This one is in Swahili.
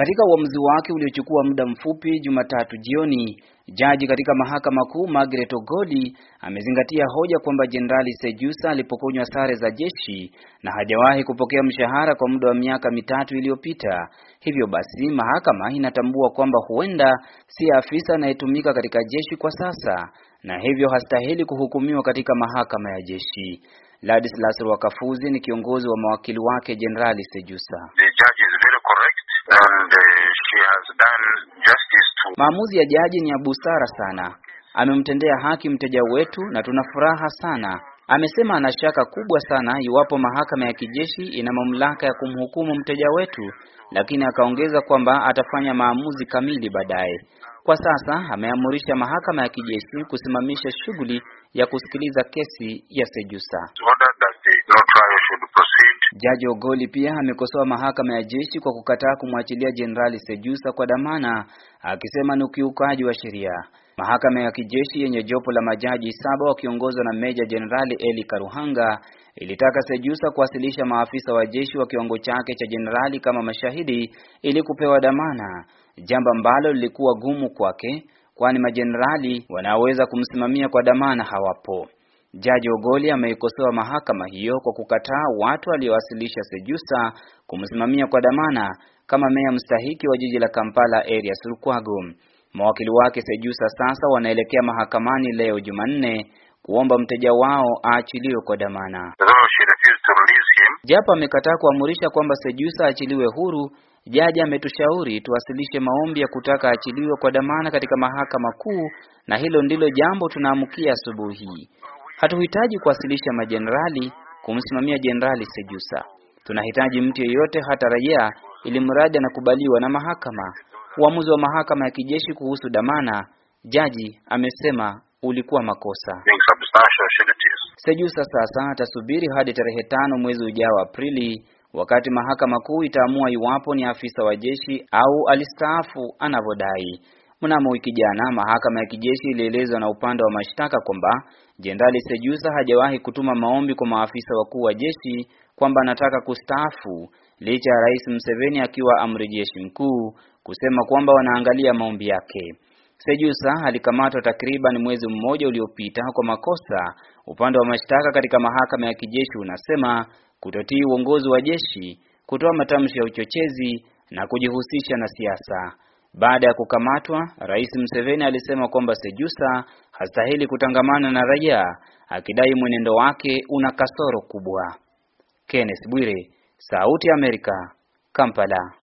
Katika uamuzi wake uliochukua muda mfupi Jumatatu jioni, jaji katika mahakama kuu Margaret Ogodi amezingatia hoja kwamba Jenerali Sejusa alipokonywa sare za jeshi na hajawahi kupokea mshahara kwa muda wa miaka mitatu iliyopita. Hivyo basi, mahakama inatambua kwamba huenda si afisa anayetumika katika jeshi kwa sasa na hivyo hastahili kuhukumiwa katika mahakama ya jeshi. Ladislas Wakafuzi ni kiongozi wa mawakili wake Jenerali Sejusa and uh, she has done justice to. Maamuzi ya jaji ni ya busara sana, amemtendea haki mteja wetu na tuna furaha sana. Amesema ana shaka kubwa sana iwapo mahakama ya kijeshi ina mamlaka ya kumhukumu mteja wetu, lakini akaongeza kwamba atafanya maamuzi kamili baadaye. Kwa sasa ameamurisha mahakama ya kijeshi kusimamisha shughuli ya kusikiliza kesi ya Sejusa. Jaji Ogoli pia amekosoa mahakama ya jeshi kwa kukataa kumwachilia Jenerali Sejusa kwa dhamana, akisema ni ukiukaji wa sheria. Mahakama ya kijeshi yenye jopo la majaji saba wakiongozwa na Meja Jenerali Eli Karuhanga ilitaka Sejusa kuwasilisha maafisa wa jeshi wa kiwango chake cha jenerali kama mashahidi ili kupewa dhamana, jambo ambalo lilikuwa gumu kwake, kwani majenerali wanaoweza kumsimamia kwa dhamana hawapo. Jaji Ogoli ameikosoa mahakama hiyo kwa kukataa watu waliowasilisha Sejusa kumsimamia kwa dhamana kama meya mstahiki wa jiji la Kampala Erias Lukwago. Mawakili wake Sejusa sasa wanaelekea mahakamani leo Jumanne kuomba mteja wao aachiliwe kwa dhamana. Japo amekataa kuamurisha kwamba Sejusa aachiliwe huru, jaji ametushauri tuwasilishe maombi ya kutaka aachiliwe kwa dhamana katika mahakama kuu, na hilo ndilo jambo tunaamkia asubuhi. Hatuhitaji kuwasilisha majenerali kumsimamia Jenerali Sejusa. Tunahitaji mtu yeyote, hata raia, ili mradi anakubaliwa na mahakama. Uamuzi wa mahakama ya kijeshi kuhusu damana, jaji amesema ulikuwa makosa. Sejusa sasa atasubiri hadi tarehe tano mwezi ujao Aprili, wakati mahakama kuu itaamua iwapo ni afisa wa jeshi au alistaafu anavyodai. Mnamo wiki jana, mahakama ya kijeshi ilielezwa na upande wa mashtaka kwamba Jenerali Sejusa hajawahi kutuma maombi kwa maafisa wakuu wa jeshi kwamba anataka kustaafu licha ya Rais Museveni akiwa amri jeshi mkuu kusema kwamba wanaangalia maombi yake. Sejusa alikamatwa takriban mwezi mmoja uliopita kwa makosa, upande wa mashtaka katika mahakama ya kijeshi unasema kutotii uongozi wa jeshi, kutoa matamshi ya uchochezi na kujihusisha na siasa. Baada ya kukamatwa, Rais Museveni alisema kwamba Sejusa hastahili kutangamana na raia, akidai mwenendo wake una kasoro kubwa. Kenneth Bwire, Sauti ya Amerika, Kampala.